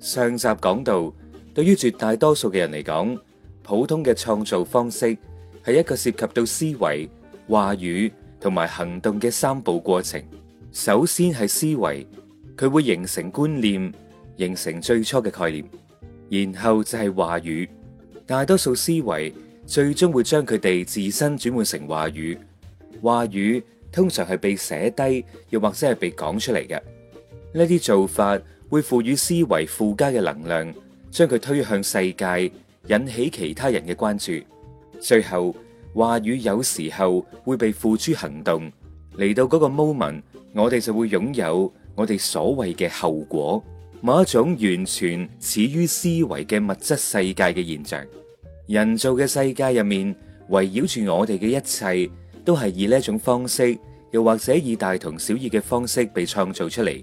上集講到，對於絕大多數嘅人嚟講，普通嘅創造方式係一個涉及到思維、話語同埋行動嘅三步過程。首先係思維，佢會形成觀念，形成最初嘅概念。然後就係話語，大多數思維最終會將佢哋自身轉換成話語。話語通常係被寫低，又或者係被講出嚟嘅。呢啲做法，會賦予思維附加嘅能量，將佢推向世界，引起其他人嘅關注。最後話語有時候會被付諸行動，嚟到嗰個 moment，我哋就會擁有我哋所謂嘅後果，某一種完全始於思維嘅物質世界嘅現象。人造嘅世界入面，圍繞住我哋嘅一切都係以呢一種方式，又或者以大同小異嘅方式被創造出嚟。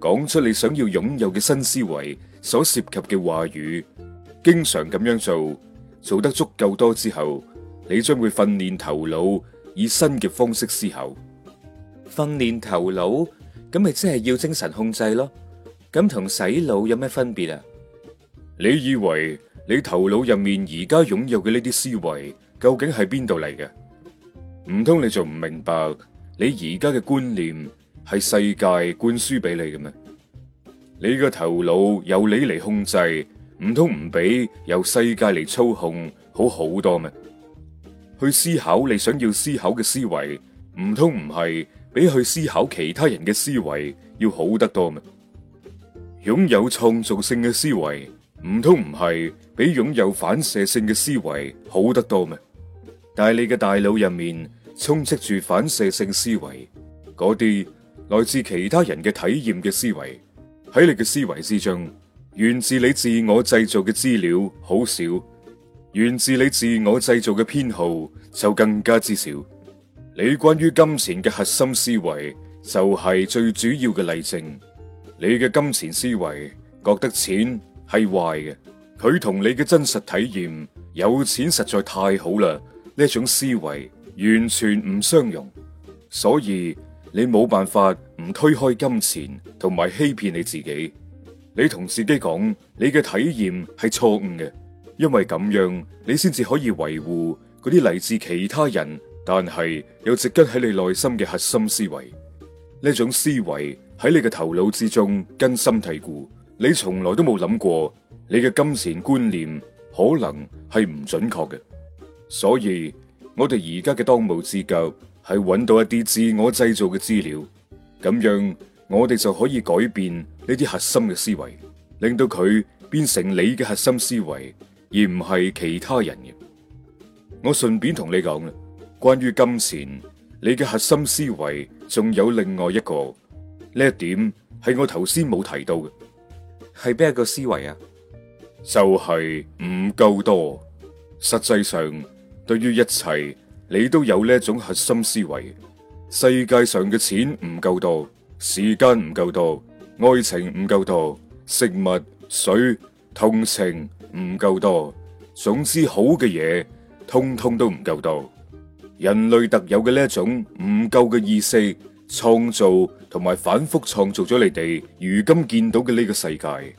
講出你想要擁有嘅新思維所涉及嘅話語，經常咁樣做，做得足夠多之後，你將會訓練頭腦以新嘅方式思考。訓練頭腦，咁咪即係要精神控制咯？咁同洗腦有咩分別啊？你以為你頭腦入面而家擁有嘅呢啲思維，究竟係邊度嚟嘅？唔通你仲唔明白你而家嘅觀念？係世界灌輸俾你嘅咩？你個頭腦由你嚟控制，唔通唔俾由世界嚟操控，好好多咩？去思考你想要思考嘅思維，唔通唔係比去思考其他人嘅思維要好得多咩？擁有創造性嘅思維，唔通唔係比擁有反射性嘅思維好得多咩？但係你嘅大腦入面充斥住反射性思維嗰啲。來自其他人嘅體驗嘅思維喺你嘅思維之中，源自你自我製造嘅資料好少，源自你自我製造嘅偏好就更加之少。你關於金錢嘅核心思維就係最主要嘅例證。你嘅金錢思維覺得錢係壞嘅，佢同你嘅真實體驗有錢實在太好啦呢一種思維完全唔相容，所以。你冇辦法唔推開金錢同埋欺騙你自己，你同自己講你嘅體驗係錯誤嘅，因為咁樣你先至可以維護嗰啲嚟自其他人但係又植根喺你內心嘅核心思維呢種思維喺你嘅頭腦之中根深蒂固，你從來都冇諗過你嘅金錢觀念可能係唔準確嘅，所以我哋而家嘅當務之急。係揾到一啲自我製造嘅資料，咁樣我哋就可以改變呢啲核心嘅思維，令到佢變成你嘅核心思維，而唔係其他人嘅。我順便同你講啦，關於金錢，你嘅核心思維仲有另外一個。呢一點係我頭先冇提到嘅，係邊一個思維啊？就係唔夠多，實際上對於一切。你都有呢一種核心思維，世界上嘅錢唔夠多，時間唔夠多，愛情唔夠多，食物、水、同情唔夠多，總之好嘅嘢通通都唔夠多。人類特有嘅呢一種唔夠嘅意識，創造同埋反覆創造咗你哋如今見到嘅呢個世界。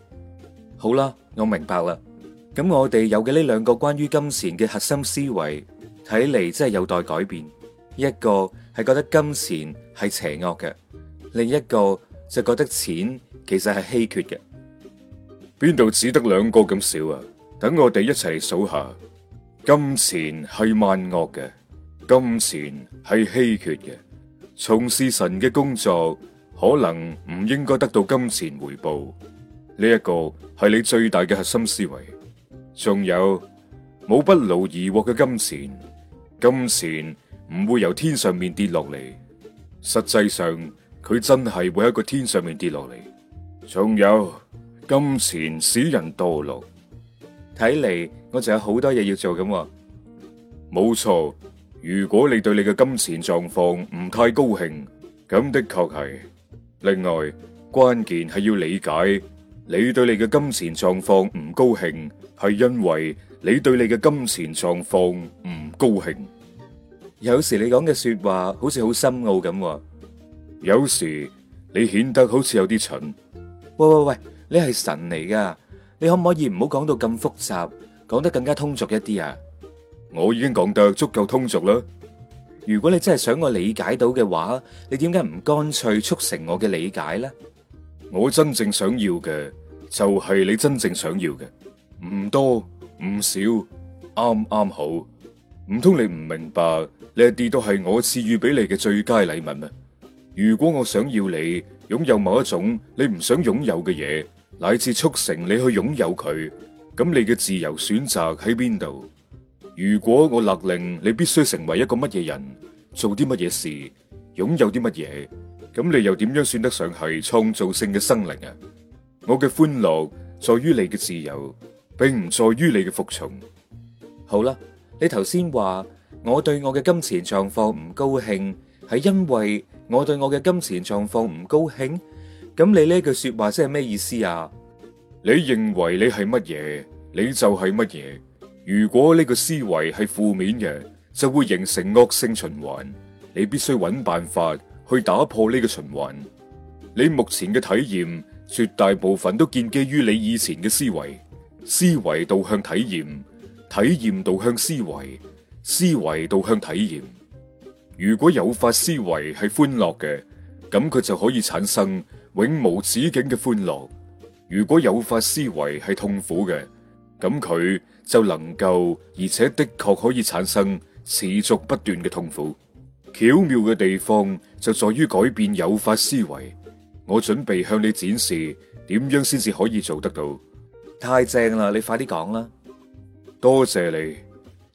好啦，我明白啦。咁我哋有嘅呢兩個關於金錢嘅核心思維。睇嚟真係有待改變。一個係覺得金錢係邪惡嘅，另一個就覺得錢其實係稀缺嘅。邊度只得兩個咁少啊？等我哋一齊數下。金錢係萬惡嘅，金錢係稀缺嘅。從事神嘅工作可能唔應該得到金錢回報。呢一個係你最大嘅核心思維。仲有，冇不勞而獲嘅金錢。金錢唔會由天上面跌落嚟，實際上佢真係會喺個天上面跌落嚟。仲有，金錢使人墮落，睇嚟我就有好多嘢要做咁。冇錯，如果你對你嘅金錢狀況唔太高興，咁的確係。另外，關鍵係要理解你對你嘅金錢狀況唔高興係因為。你對你嘅金錢狀況唔高興，有時你講嘅說話好似好深奧咁，有時你顯得好似有啲蠢。喂喂喂，你係神嚟噶，你可唔可以唔好講到咁複雜，講得更加通俗一啲啊？我已經講得足夠通俗啦。如果你真係想我理解到嘅話，你點解唔乾脆促成我嘅理解呢？我真正想要嘅就係你真正想要嘅，唔多。唔少，啱啱好。唔通你唔明白呢一啲都係我賜予俾你嘅最佳禮物咩？如果我想要你擁有某一種你唔想擁有嘅嘢，乃至促成你去擁有佢，咁你嘅自由選擇喺邊度？如果我勒令你必須成為一個乜嘢人，做啲乜嘢事，擁有啲乜嘢，咁你又點樣算得上係創造性嘅生靈啊？我嘅歡樂在於你嘅自由，並唔在於你嘅服從。好啦，你頭先話我對我嘅金錢狀況唔高興，係因為我對我嘅金錢狀況唔高興。咁你呢句說話即係咩意思啊？你認為你係乜嘢，你就係乜嘢。如果呢個思維係負面嘅，就會形成惡性循環。你必須揾辦法去打破呢個循環。你目前嘅體驗絕大部分都建基於你以前嘅思維。思維導向體驗，體驗導向思維，思維導向體驗。如果誘發思維係歡樂嘅，咁佢就可以產生永無止境嘅歡樂；如果誘發思維係痛苦嘅，咁佢就能夠而且的確可以產生持續不斷嘅痛苦。巧妙嘅地方就在於改變誘發思維。我準備向你展示點樣先至可以做得到。太正啦！你快啲講啦。多謝你。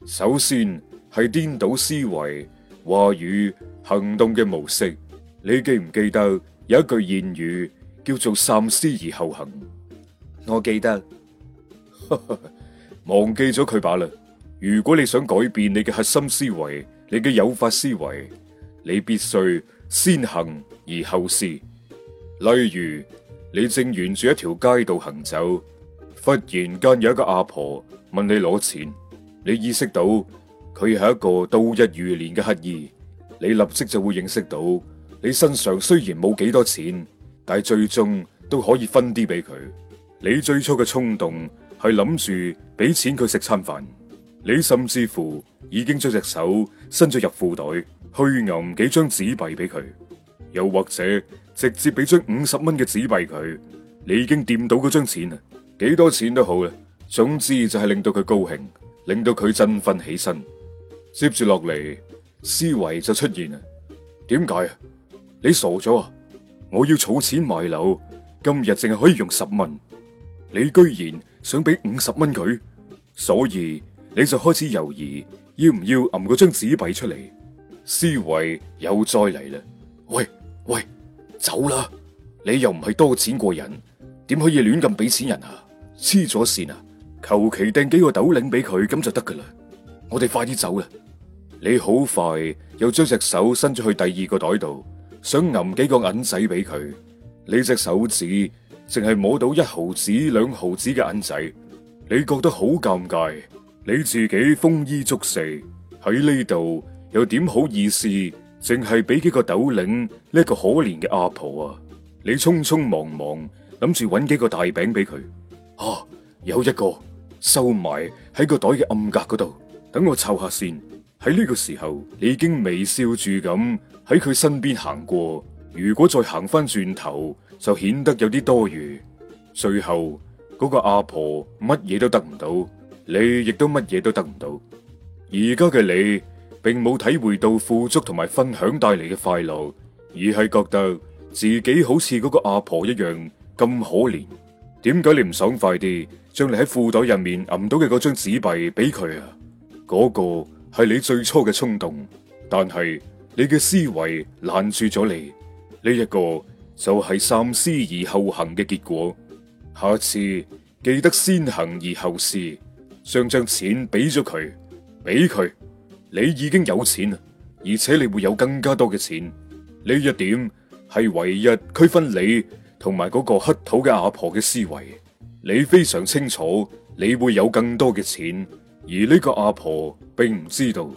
首先係顛倒思維、話語、行動嘅模式。你記唔記得有一句諺語叫做“三思而後行”？我記得， 忘記咗佢把啦。如果你想改變你嘅核心思維、你嘅誘發思維，你必須先行而後思。例如，你正沿住一條街道行走。忽然間有一個阿婆問你攞錢，你意識到佢係一個度日如年嘅乞兒，你立即就會認識到你身上雖然冇幾多錢，但係最終都可以分啲俾佢。你最初嘅衝動係諗住俾錢佢食餐飯，你甚至乎已經將隻手伸咗入褲袋去揞幾張紙幣俾佢，又或者直接俾張五十蚊嘅紙幣佢，你已經掂到嗰張錢幾多錢都好啦，總之就係令到佢高興，令到佢振奮起身。接住落嚟，思維就出現啦。點解啊？你傻咗啊？我要儲錢買樓，今日淨係可以用十蚊，你居然想俾五十蚊佢，所以你就開始猶豫，要唔要揞嗰張紙幣出嚟？思維又再嚟啦。喂喂，走啦！你又唔係多錢過人，點可以亂咁俾錢人啊？黐咗線啊！求其掟幾個斗零俾佢咁就得㗎喇。我哋快啲走啦！你好快又將隻手伸咗去第二個袋度，想揞幾個銀仔俾佢。你隻手指淨係摸到一毫子、兩毫子嘅銀仔，你覺得好尷尬。你自己豐衣足食喺呢度，又點好意思淨係俾幾個斗零呢個可憐嘅阿婆啊？你匆匆忙忙諗住揾幾個大餅俾佢。啊！有一個收埋喺個袋嘅暗格嗰度，等我湊下先。喺呢個時候，你已經微笑住咁喺佢身邊行過。如果再行翻轉頭，就顯得有啲多餘。最後，嗰個阿婆乜嘢都得唔到，你亦都乜嘢都得唔到。而家嘅你，並冇體會到富足同埋分享帶嚟嘅快樂，而係覺得自己好似嗰個阿婆一樣咁可憐。點解你唔爽快啲，將你喺褲袋入面揞到嘅嗰張紙幣俾佢啊？嗰、那個係你最初嘅衝動，但係你嘅思維攔住咗你，呢、這、一個就係三思而後行嘅結果。下次記得先行而後思，想將錢俾咗佢，俾佢，你已經有錢，而且你會有更加多嘅錢。呢一點係唯一區分你。同埋嗰個乞討嘅阿婆嘅思維，你非常清楚，你會有更多嘅錢，而呢個阿婆並唔知道。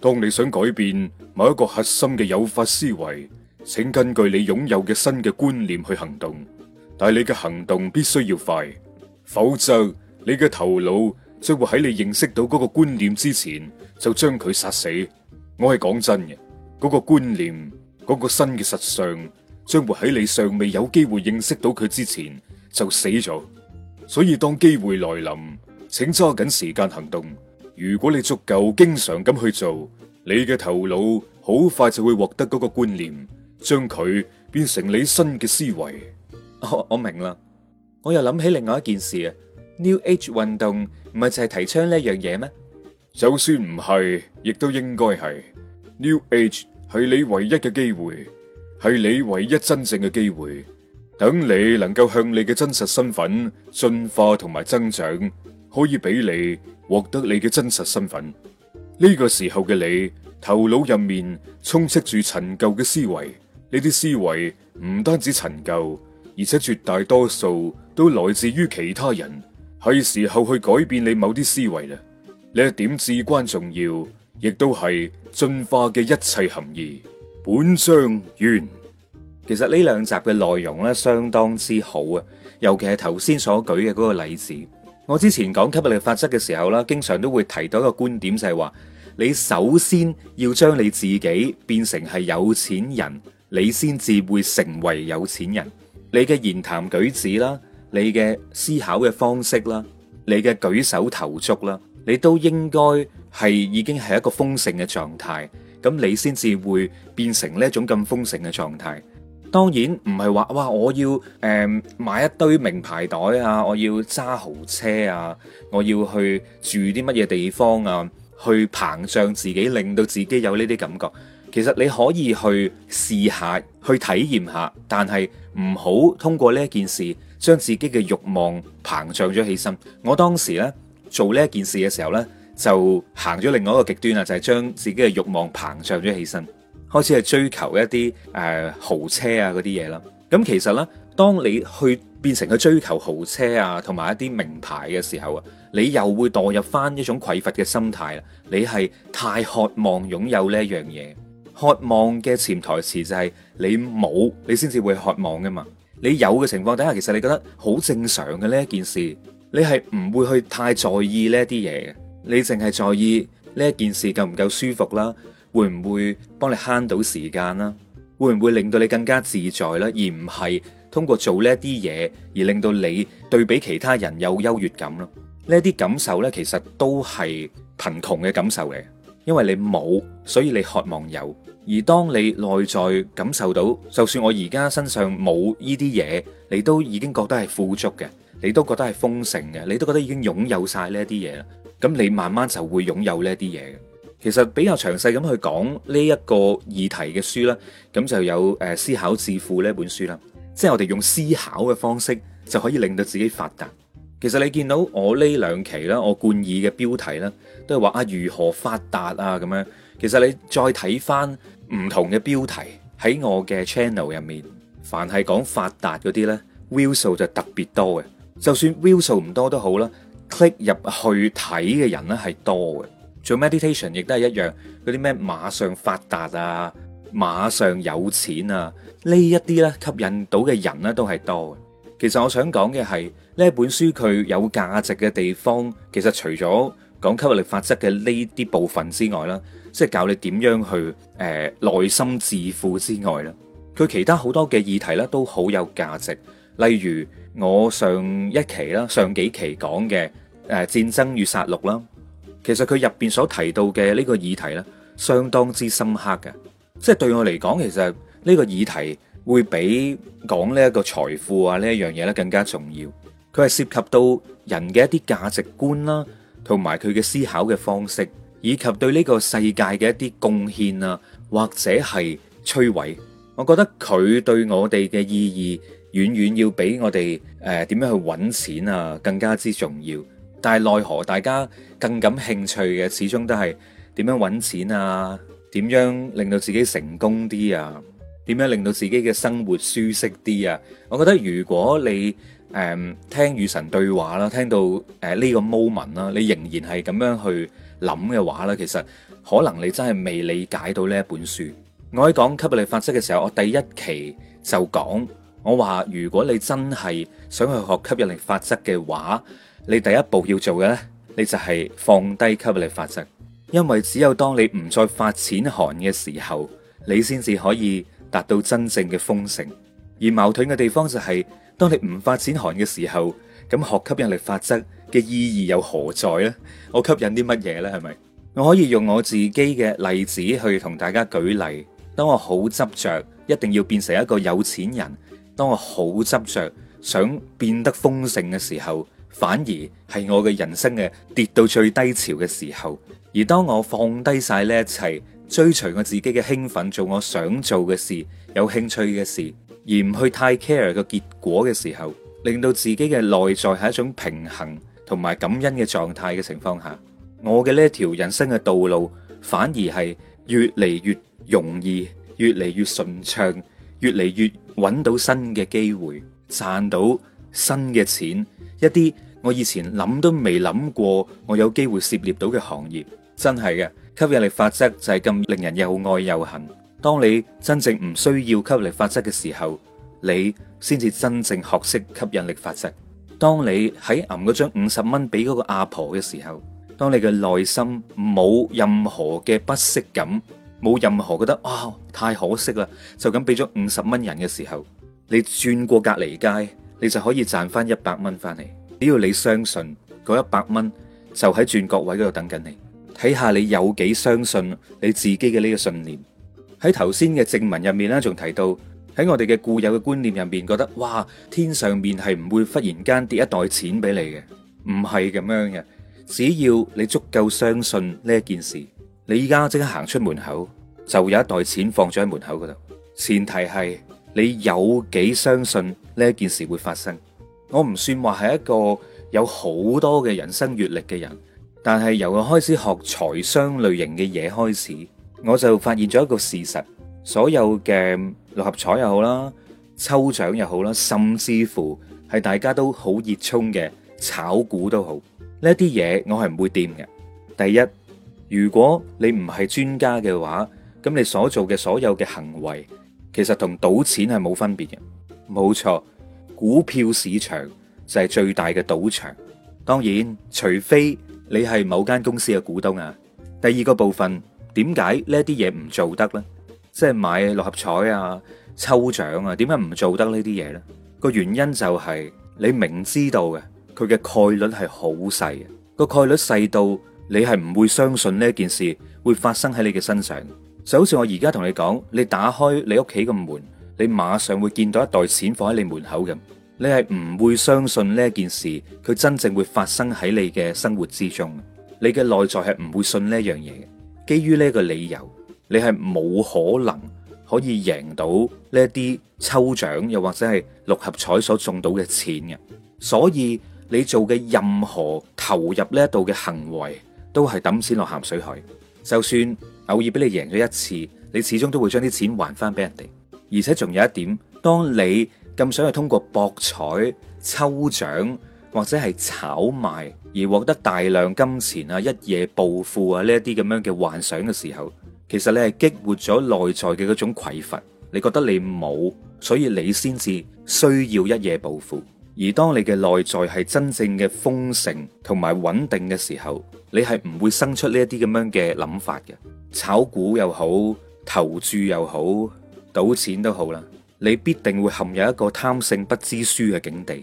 當你想改變某一個核心嘅有法思維，請根據你擁有嘅新嘅觀念去行動，但係你嘅行動必須要快，否則你嘅頭腦將會喺你認識到嗰個觀念之前就將佢殺死。我係講真嘅，嗰個觀念，嗰個新嘅實相。將會喺你尚未有機會認識到佢之前就死咗，所以當機會來臨，請揸緊時間行動。如果你足夠經常咁去做，你嘅頭腦好快就會獲得嗰個觀念，將佢變成你新嘅思維。我明啦，我又諗起另外一件事啊，New Age 運動唔係就係提倡呢樣嘢咩？就算唔係，亦都應該係。New Age 係你唯一嘅機會。係你唯一真正嘅機會，等你能夠向你嘅真實身份進化同埋增長，可以俾你獲得你嘅真實身份。呢個時候嘅你，頭腦入面充斥住陳舊嘅思維，呢啲思維唔單止陳舊，而且絕大多數都來自於其他人。係時候去改變你某啲思維啦，呢一點至關重要，亦都係進化嘅一切含義。本相完。其實呢兩集嘅內容咧相當之好啊，尤其係頭先所舉嘅嗰個例子。我之前講吸引力法則嘅時候啦，經常都會提到一個觀點就，就係話你首先要將你自己變成係有錢人，你先至會成為有錢人。你嘅言談舉止啦，你嘅思考嘅方式啦，你嘅舉手投足啦，你都應該係已經係一個豐盛嘅狀態。咁你先至會變成呢一種咁豐盛嘅狀態。當然唔係話哇，我要誒、呃、買一堆名牌袋啊，我要揸豪車啊，我要去住啲乜嘢地方啊，去膨脹自己，令到自己有呢啲感覺。其實你可以去試下去體驗下，但係唔好通過呢件事將自己嘅慾望膨脹咗起身。我當時呢做呢件事嘅時候呢。就行咗另外一個極端啦，就係，是，將自己嘅慾望膨脹咗起身，開始去追求一啲誒、呃、豪車啊嗰啲嘢啦。咁其實呢，當你去變成去追求豪車啊，同埋一啲名牌嘅時候啊，你又會墮入翻一種匱乏嘅心態啦。你係太渴望擁有呢一樣嘢，渴望嘅潛台詞就係你冇，你先至會渴望噶嘛。你有嘅情況底下，其實你覺得好正常嘅呢一件事，你係唔會去太在意呢啲嘢嘅。你淨係在意呢一件事夠唔夠舒服啦？會唔會幫你慳到時間啦？會唔會令到你更加自在啦？而唔係通過做呢一啲嘢而令到你對比其他人有優越感咯？呢一啲感受呢，其實都係貧窮嘅感受嚟，因為你冇，所以你渴望有。而當你內在感受到，就算我而家身上冇呢啲嘢，你都已經覺得係富足嘅，你都覺得係豐盛嘅，你都覺得已經擁有晒呢一啲嘢啦。咁你慢慢就會擁有呢啲嘢嘅。其實比較詳細咁去講呢一個議題嘅書啦，咁就有誒思考致富呢本書啦。即係我哋用思考嘅方式就可以令到自己發達。其實你見到我呢兩期啦，我冠以嘅標題啦，都係話啊如何發達啊咁樣。其實你再睇翻唔同嘅標題喺我嘅 channel 入面，凡係講發達嗰啲呢 view 數就特別多嘅。就算 view 數唔多都好啦。click 入去睇嘅人咧係多嘅，做 meditation 亦都係一樣，嗰啲咩馬上發達啊，馬上有錢啊呢一啲咧吸引到嘅人咧都係多嘅。其實我想講嘅係呢本書佢有價值嘅地方，其實除咗講吸引力法則嘅呢啲部分之外啦，即係教你點樣去誒內、呃、心致富之外啦，佢其他好多嘅議題咧都好有價值。例如我上一期啦，上幾期講嘅誒戰爭與殺戮啦，其實佢入邊所提到嘅呢個議題咧，相當之深刻嘅。即係對我嚟講，其實呢個議題會比講呢一個財富啊呢一樣嘢咧更加重要。佢係涉及到人嘅一啲價值觀啦、啊，同埋佢嘅思考嘅方式，以及對呢個世界嘅一啲貢獻啊，或者係摧毀。我覺得佢對我哋嘅意義。遠遠要比我哋誒點樣去揾錢啊，更加之重要。但係奈何大家更感興趣嘅，始終都係點樣揾錢啊？點樣令到自己成功啲啊？點樣令到自己嘅生活舒適啲啊？我覺得如果你誒、呃、聽與神對話啦，聽到誒呢、呃這個 moment 啦，你仍然係咁樣去諗嘅話咧，其實可能你真係未理解到呢一本書。我喺講吸引力法則嘅時候，我第一期就講。我話如果你真係想去學吸引力法則嘅話，你第一步要做嘅呢，你就係放低吸引力法則，因為只有當你唔再發錢寒嘅時候，你先至可以達到真正嘅豐盛。而矛盾嘅地方就係、是，當你唔發錢寒嘅時候，咁學吸引力法則嘅意義又何在呢？我吸引啲乜嘢呢？係咪？我可以用我自己嘅例子去同大家舉例。當我好執着，一定要變成一個有錢人。當我好執着想變得豐盛嘅時候，反而係我嘅人生嘅跌到最低潮嘅時候。而當我放低晒呢一切，追隨我自己嘅興奮，做我想做嘅事，有興趣嘅事，而唔去太 care 個結果嘅時候，令到自己嘅內在係一種平衡同埋感恩嘅狀態嘅情況下，我嘅呢一條人生嘅道路反而係越嚟越容易，越嚟越順暢。越嚟越揾到新嘅機會，賺到新嘅錢，一啲我以前諗都未諗過，我有機會涉獵到嘅行業，真係嘅。吸引力法則就係咁令人又愛又恨。當你真正唔需要吸引力法則嘅時候，你先至真正學識吸引力法則。當你喺揞嗰張五十蚊俾嗰個阿婆嘅時候，當你嘅內心冇任何嘅不適感。冇任何覺得哇太可惜啦，就咁俾咗五十蚊人嘅時候，你轉過隔籬街，你就可以賺翻一百蚊翻嚟。只要你相信嗰一百蚊就喺轉角位嗰度等緊你，睇下你有幾相信你自己嘅呢個信念。喺頭先嘅正文入面咧，仲提到喺我哋嘅固有嘅觀念入面，覺得哇天上面係唔會忽然間跌一袋錢俾你嘅，唔係咁樣嘅。只要你足夠相信呢一件事。你依家即刻行出門口，就有一袋錢放咗喺門口嗰度。前提係你有幾相信呢一件事會發生。我唔算話係一個有好多嘅人生閱歷嘅人，但係由我開始學財商類型嘅嘢開始，我就發現咗一個事實：所有嘅六合彩又好啦，抽獎又好啦，甚至乎係大家都好熱衷嘅炒股都好，呢啲嘢我係唔會掂嘅。第一。如果你唔係專家嘅話，咁你所做嘅所有嘅行為，其實同賭錢係冇分別嘅。冇錯，股票市場就係最大嘅賭場。當然，除非你係某間公司嘅股東啊。第二個部分，點解呢啲嘢唔做得呢？即係買六合彩啊、抽獎啊，點解唔做得呢啲嘢呢？個原因就係、是，你明知道嘅，佢嘅概率係好細，個概率細到。你係唔會相信呢件事會發生喺你嘅身上，就好似我而家同你講，你打開你屋企嘅門，你馬上會見到一袋錢放喺你門口咁，你係唔會相信呢件事佢真正會發生喺你嘅生活之中，你嘅內在係唔會信呢一樣嘢。基於呢個理由，你係冇可能可以贏到呢啲抽獎又或者係六合彩所中到嘅錢嘅，所以你做嘅任何投入呢一度嘅行為。都係抌錢落鹹水海，就算偶爾俾你贏咗一次，你始終都會將啲錢還翻俾人哋。而且仲有一點，當你咁想去通過博彩、抽獎或者係炒賣而獲得大量金錢啊、一夜暴富啊呢一啲咁樣嘅幻想嘅時候，其實你係激活咗內在嘅嗰種匱乏，你覺得你冇，所以你先至需要一夜暴富。而當你嘅內在係真正嘅豐盛同埋穩定嘅時候，你係唔會生出呢一啲咁樣嘅諗法嘅。炒股又好，投注又好，賭錢都好啦，你必定會陷入一個貪勝不知輸嘅境地，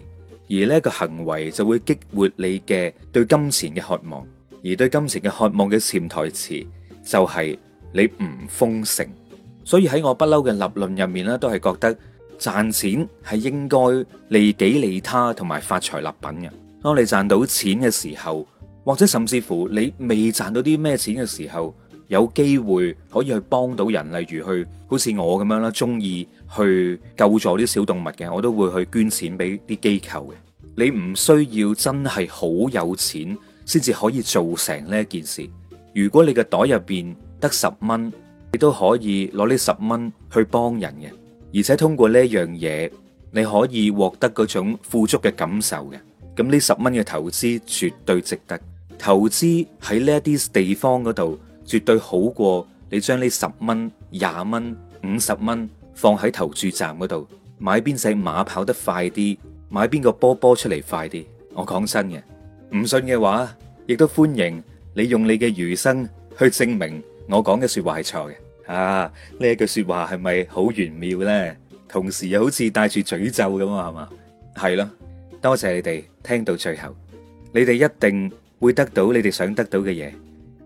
而呢一個行為就會激活你嘅對金錢嘅渴望，而對金錢嘅渴望嘅潛台詞就係你唔豐盛。所以喺我不嬲嘅立論入面咧，都係覺得，賺錢係應該利己利他同埋發財立品嘅。當你賺到錢嘅時候，或者甚至乎你未賺到啲咩錢嘅時候，有機會可以去幫到人，例如去好似我咁樣啦，中意去救助啲小動物嘅，我都會去捐錢俾啲機構嘅。你唔需要真係好有錢先至可以做成呢件事。如果你嘅袋入邊得十蚊，你都可以攞呢十蚊去幫人嘅。而且通過呢樣嘢，你可以獲得嗰種富足嘅感受嘅。咁呢十蚊嘅投資絕對值得，投資喺呢一啲地方嗰度絕對好過你將呢十蚊、廿蚊、五十蚊放喺投注站嗰度，買邊隻馬跑得快啲，買邊個波波出嚟快啲。我講真嘅，唔信嘅話，亦都歡迎你用你嘅餘生去證明我講嘅說話係錯嘅。啊！呢句說話係咪好玄妙呢？同時又好似帶住詛咒咁啊，係嘛？係咯，多謝你哋聽到最後，你哋一定會得到你哋想得到嘅嘢。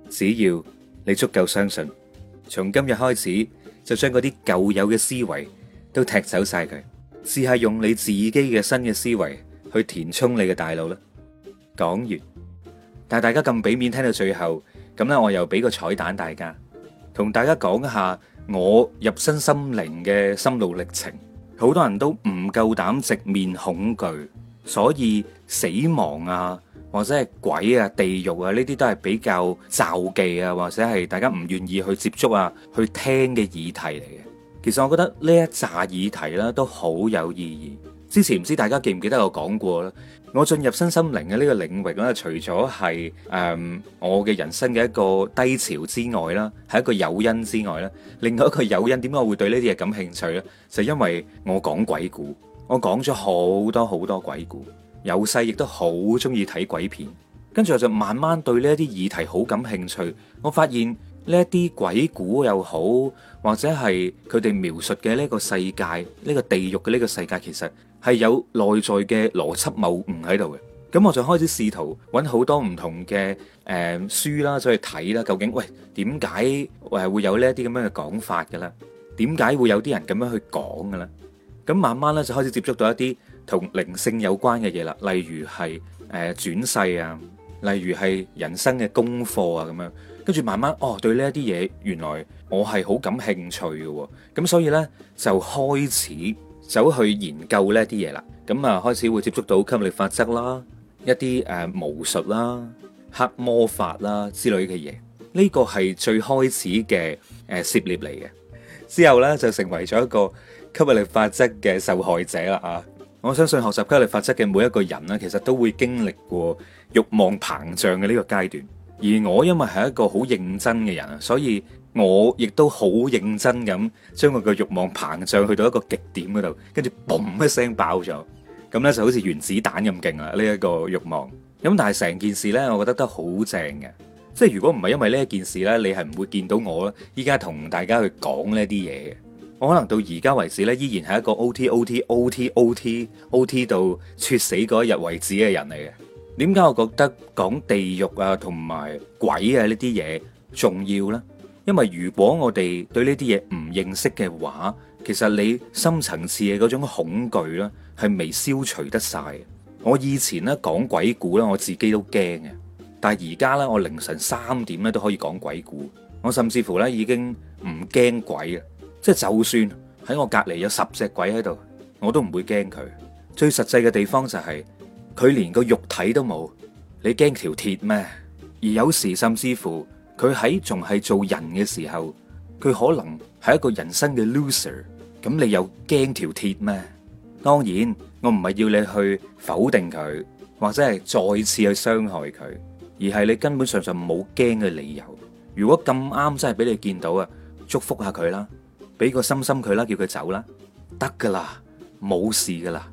只要你足夠相信，從今日開始就將嗰啲舊有嘅思維都踢走晒佢，試下用你自己嘅新嘅思維去填充你嘅大腦啦。講完，但係大家咁俾面聽到最後，咁咧我又俾個彩蛋大家。同大家講一下我入身心靈嘅心路歷程，好多人都唔夠膽直面恐懼，所以死亡啊，或者係鬼啊、地獄啊，呢啲都係比較罩忌啊，或者係大家唔願意去接觸啊、去聽嘅議題嚟嘅。其實我覺得呢一紮議題咧都好有意義。之前唔知大家記唔記得我講過咧。我進入身心靈嘅呢個領域咧，除咗係誒我嘅人生嘅一個低潮之外啦，係一個誘因之外咧，另外一個誘因點解我會對呢啲嘢感興趣呢，就係因為我講鬼故，我講咗好多好多鬼故，由細亦都好鍾意睇鬼片，跟住我就慢慢對呢啲議題好感興趣。我發現呢啲鬼故又好，或者係佢哋描述嘅呢個世界、呢、呢個地獄嘅呢個世界，其實，係有內在嘅邏輯謬誤喺度嘅，咁我就開始試圖揾好多唔同嘅誒書啦，再去睇啦，究竟喂點解誒會有呢一啲咁樣嘅講法嘅呢？點解會有啲人咁樣去講嘅呢？咁慢慢咧就開始接觸到一啲同靈性有關嘅嘢啦，例如係誒轉世啊，例如係人生嘅功課啊咁樣，跟住慢慢哦對呢一啲嘢，原來我係好感興趣嘅，咁所以咧就開始。走去研究呢啲嘢啦，咁啊，開始會接觸到吸引力法則啦，一啲誒巫術啦、黑魔法啦之類嘅嘢，呢個係最開始嘅誒、呃、涉獵嚟嘅。之後呢，就成為咗一個吸引力法則嘅受害者啦啊！我相信學習吸引力法則嘅每一個人呢，其實都會經歷過欲望膨脹嘅呢個階段。而我因為係一個好認真嘅人啊，所以。我亦都好認真咁，將我嘅欲望膨脹去到一個極點嗰度，跟住嘣一聲爆咗，咁呢就好似原子彈咁勁啊！呢一個欲望咁，但係成件事呢，我覺得都好正嘅。即係如果唔係因為呢一件事呢，你係唔會見到我依家同大家去講呢啲嘢嘅。我可能到而家為止呢，依然係一個 O T O T O T O T 到猝死嗰一日為止嘅人嚟嘅。點解我覺得講地獄啊，同埋鬼啊呢啲嘢重要呢？因為如果我哋對呢啲嘢唔認識嘅話，其實你深層次嘅嗰種恐懼咧，係未消除得晒。我以前咧講鬼故咧，我自己都驚嘅。但係而家咧，我凌晨三點咧都可以講鬼故。我甚至乎咧已經唔驚鬼啊！即係就算喺我隔籬有十隻鬼喺度，我都唔會驚佢。最實際嘅地方就係，佢連個肉體都冇，你驚條鐵咩？而有時甚至乎。佢喺仲係做人嘅時候，佢可能係一個人生嘅 loser。咁你又驚條鐵咩？當然我唔係要你去否定佢，或者係再次去傷害佢，而係你根本上就冇驚嘅理由。如果咁啱真係俾你見到啊，祝福下佢啦，俾個心心佢啦，叫佢走啦，得噶啦，冇事噶啦，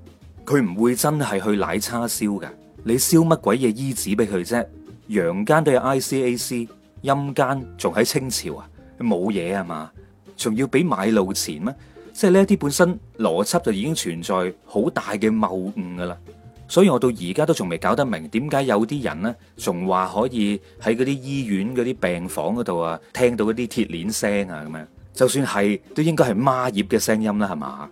佢唔會真係去奶叉燒嘅。你燒乜鬼嘢衣紙俾佢啫？陽間都有 ICAC。陰間仲喺清朝啊，冇嘢啊嘛，仲要俾買路錢咩？即係呢啲本身邏輯就已經存在好大嘅謬誤噶啦，所以我到而家都仲未搞得明，點解有啲人呢，仲話可以喺嗰啲醫院嗰啲病房嗰度啊，聽到嗰啲鐵鏈聲啊咁樣，就算係都應該係孖葉嘅聲音啦，係嘛？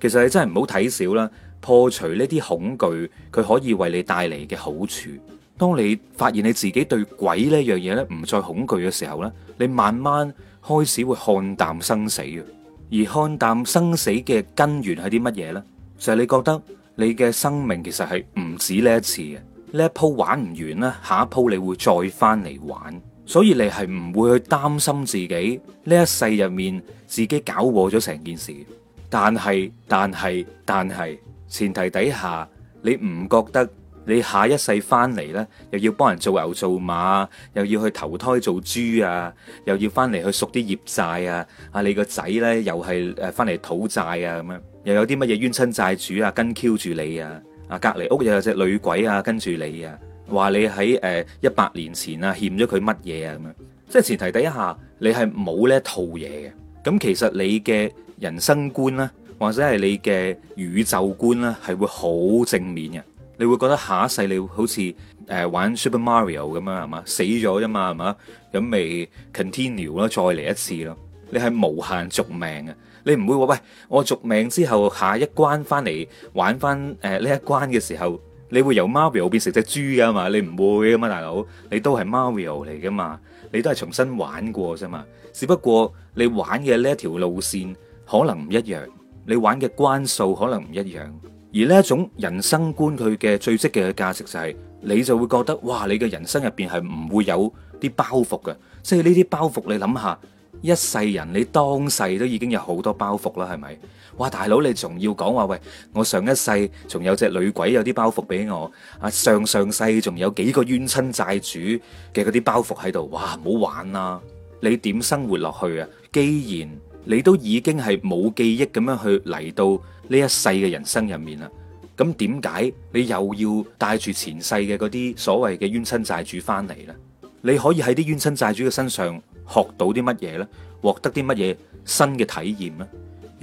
其實你真係唔好睇少啦，破除呢啲恐懼，佢可以為你帶嚟嘅好處。當你發現你自己對鬼呢樣嘢呢唔再恐懼嘅時候呢，你慢慢開始會看淡生死嘅，而看淡生死嘅根源係啲乜嘢呢？就係、是、你覺得你嘅生命其實係唔止呢一次嘅，呢一鋪玩唔完啦，下一鋪你會再翻嚟玩，所以你係唔會去擔心自己呢一世入面自己搞禍咗成件事。但係但係但係前提底下，你唔覺得？你下一世翻嚟咧，又要幫人做牛做馬，又要去投胎做豬啊，又要翻嚟去贖啲業債啊。啊，你個仔咧又係誒翻嚟討債啊咁樣，又有啲乜嘢冤親債主啊跟 Q 住你啊，啊隔籬屋又有隻女鬼啊跟住你啊，話你喺誒一百年前啊欠咗佢乜嘢啊咁樣。即係前提底下，你係冇咧套嘢嘅。咁其實你嘅人生觀啦，或者係你嘅宇宙觀咧，係會好正面嘅。你會覺得下一世你好似誒、呃、玩 Super Mario 咁啊，係嘛？死咗啫嘛，係嘛？咁咪 continue 啦，再嚟一次咯。你係無限續命啊！你唔會話喂，我續命之後下一關翻嚟玩翻誒呢一關嘅時候，你會由 Mario 變成隻豬噶嘛？你唔會啊嘛，大佬，你都係 Mario 嚟噶嘛？你都係重新玩過啫嘛。只不過你玩嘅呢一條路線可能唔一樣，你玩嘅關數可能唔一樣。而呢一種人生觀，佢嘅最積極嘅價值就係、是，你就會覺得，哇！你嘅人生入邊係唔會有啲包袱嘅，即係呢啲包袱，你諗下，一世人你當世都已經有好多包袱啦，係咪？哇！大佬你仲要講話，喂，我上一世仲有隻女鬼有啲包袱俾我，啊上上世仲有幾個冤親債主嘅嗰啲包袱喺度，哇！唔好玩啦，你點生活落去啊？既然你都已經係冇記憶咁樣去嚟到呢一世嘅人生入面啦，咁點解你又要帶住前世嘅嗰啲所謂嘅冤親債主返嚟呢？你可以喺啲冤親債主嘅身上學到啲乜嘢呢？獲得啲乜嘢新嘅體驗呢？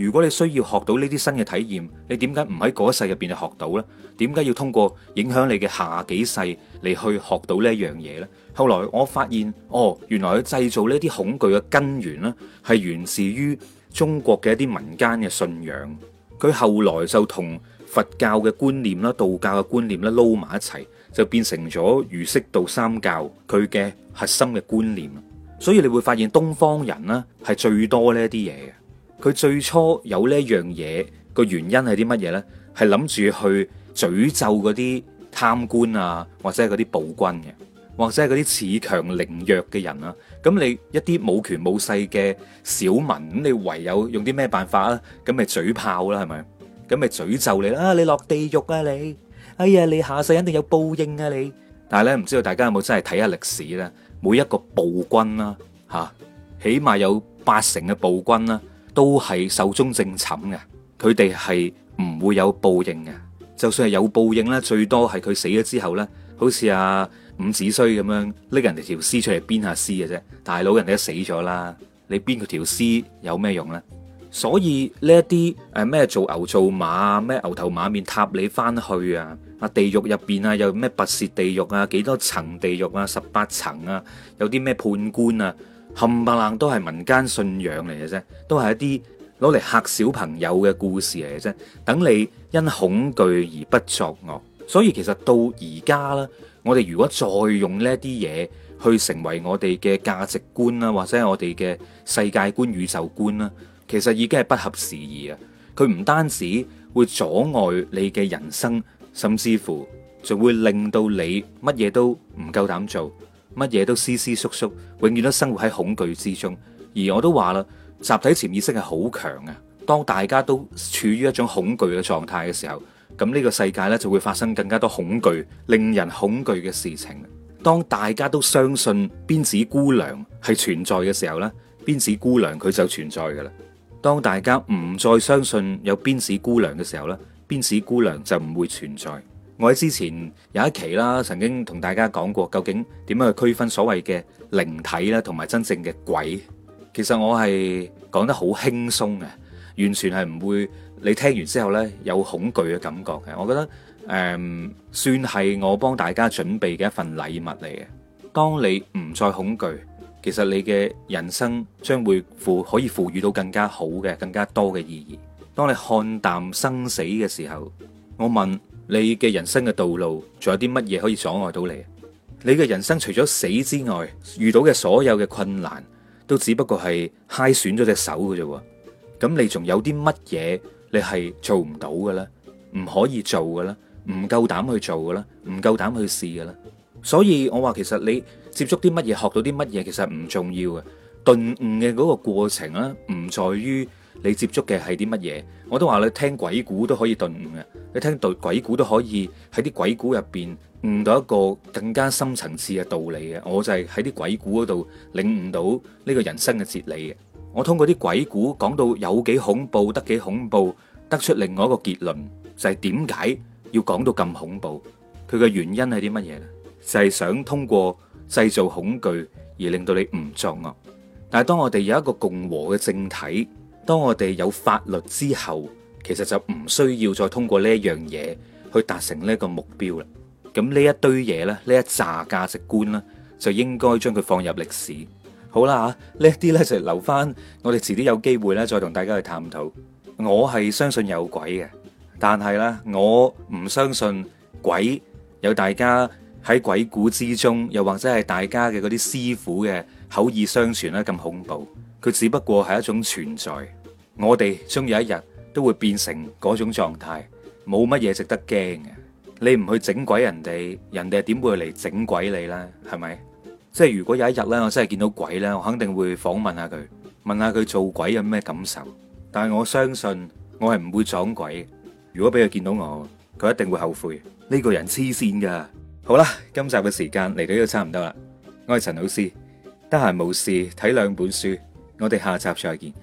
如果你需要學到呢啲新嘅體驗，你點解唔喺嗰世入邊就學到呢？點解要通過影響你嘅下幾世嚟去學到呢一樣嘢呢？後來我發現，哦，原來佢製造呢啲恐懼嘅根源呢，係源自於中國嘅一啲民間嘅信仰。佢後來就同佛教嘅觀念啦、道教嘅觀念啦撈埋一齊，就變成咗儒釋道三教佢嘅核心嘅觀念。所以你會發現東方人呢係最多呢啲嘢。佢最初有呢一樣嘢，個原因係啲乜嘢咧？係諗住去詛咒嗰啲貪官啊，或者係嗰啲暴君嘅，或者係嗰啲恃強凌弱嘅人啊。咁你一啲冇權冇勢嘅小民，咁你唯有用啲咩辦法啊？咁咪嘴炮啦，係咪？咁咪詛咒你啦，你落地獄啊！你，哎呀，你下世肯定有報應啊！你。但係咧，唔知道大家有冇真係睇下歷史咧？每一個暴君啦，嚇，起碼有八成嘅暴君啦，都係壽終正寢嘅，佢哋係唔會有報應嘅。就算係有報應咧，最多係佢死咗之後咧，好似阿伍子胥咁樣，拎人哋條屍出嚟鞭下屍嘅啫。大佬，人哋都死咗啦，你鞭個條屍有咩用咧？所以呢一啲誒咩做牛做馬啊、咩牛頭馬面踏你翻去啊，啊地獄入邊啊有咩跋涉地獄啊，幾多層地獄啊，十八層啊，有啲咩、啊啊啊、判官啊？冚唪唥都係民間信仰嚟嘅啫，都係一啲攞嚟嚇小朋友嘅故事嚟嘅啫。等你因恐懼而不作惡，所以其實到而家啦，我哋如果再用呢啲嘢去成為我哋嘅價值觀啦，或者係我哋嘅世界觀、宇宙觀啦，其實已經係不合時宜啊！佢唔單止會阻礙你嘅人生，甚至乎仲會令到你乜嘢都唔夠膽做。乜嘢都斯斯縮縮，永遠都生活喺恐懼之中。而我都話啦，集體潛意識係好強啊。當大家都處於一種恐懼嘅狀態嘅時候，咁呢個世界咧就會發生更加多恐懼、令人恐懼嘅事情。當大家都相信辮子姑娘係存在嘅時候呢，辮子姑娘佢就存在噶啦。當大家唔再相信有辮子姑娘嘅時候呢，辮子姑娘就唔會存在。我喺之前有一期啦，曾經同大家講過，究竟點樣去區分所謂嘅靈體啦，同埋真正嘅鬼。其實我係講得好輕鬆嘅，完全係唔會，你聽完之後呢，有恐懼嘅感覺嘅。我覺得誒，算係我幫大家準備嘅一份禮物嚟嘅。當你唔再恐懼，其實你嘅人生將會賦可以賦予到更加好嘅、更加多嘅意義。當你看淡生死嘅時候，我問。你嘅人生嘅道路仲有啲乜嘢可以阻礙到你？你嘅人生除咗死之外，遇到嘅所有嘅困難都只不過係揩損咗隻手嘅啫。咁你仲有啲乜嘢你係做唔到嘅咧？唔可以做嘅咧？唔夠膽去做嘅咧？唔夠膽去試嘅咧？所以我話，其實你接觸啲乜嘢、學到啲乜嘢其實唔重要嘅，頓悟嘅嗰個過程咧，唔在於。你接觸嘅係啲乜嘢？我都話你聽鬼故都可以頓悟嘅。你聽到鬼故都可以喺啲鬼故入邊悟到一個更加深層次嘅道理嘅。我就係喺啲鬼故嗰度領悟到呢個人生嘅哲理嘅。我通過啲鬼故講到有幾恐怖，得幾恐怖，得出另外一個結論就係點解要講到咁恐怖？佢嘅原因係啲乜嘢咧？就係想通過製造恐懼而令到你唔作惡。但係當我哋有一個共和嘅政體。當我哋有法律之後，其實就唔需要再通過呢一樣嘢去達成呢個目標啦。咁呢一堆嘢咧，呢一紮價值觀咧，就應該將佢放入歷史。好啦吓，呢一啲呢就留翻，我哋遲啲有機會呢，再同大家去探討。我係相信有鬼嘅，但係咧我唔相信鬼有大家喺鬼故之中，又或者係大家嘅嗰啲師傅嘅口耳相傳咧咁恐怖。佢只不過係一種存在，我哋終有一日都會變成嗰種狀態，冇乜嘢值得驚嘅。你唔去整鬼，人哋，人哋點會嚟整鬼你呢？係咪？即係如果有一日咧，我真係見到鬼咧，我肯定會訪問下佢，問下佢做鬼有咩感受。但係我相信我係唔會撞鬼。如果俾佢見到我，佢一定會後悔。呢個人黐線噶。好啦，今集嘅時間嚟到呢度差唔多啦。我係陳老師，得閒冇事睇兩本書。我哋下集再見。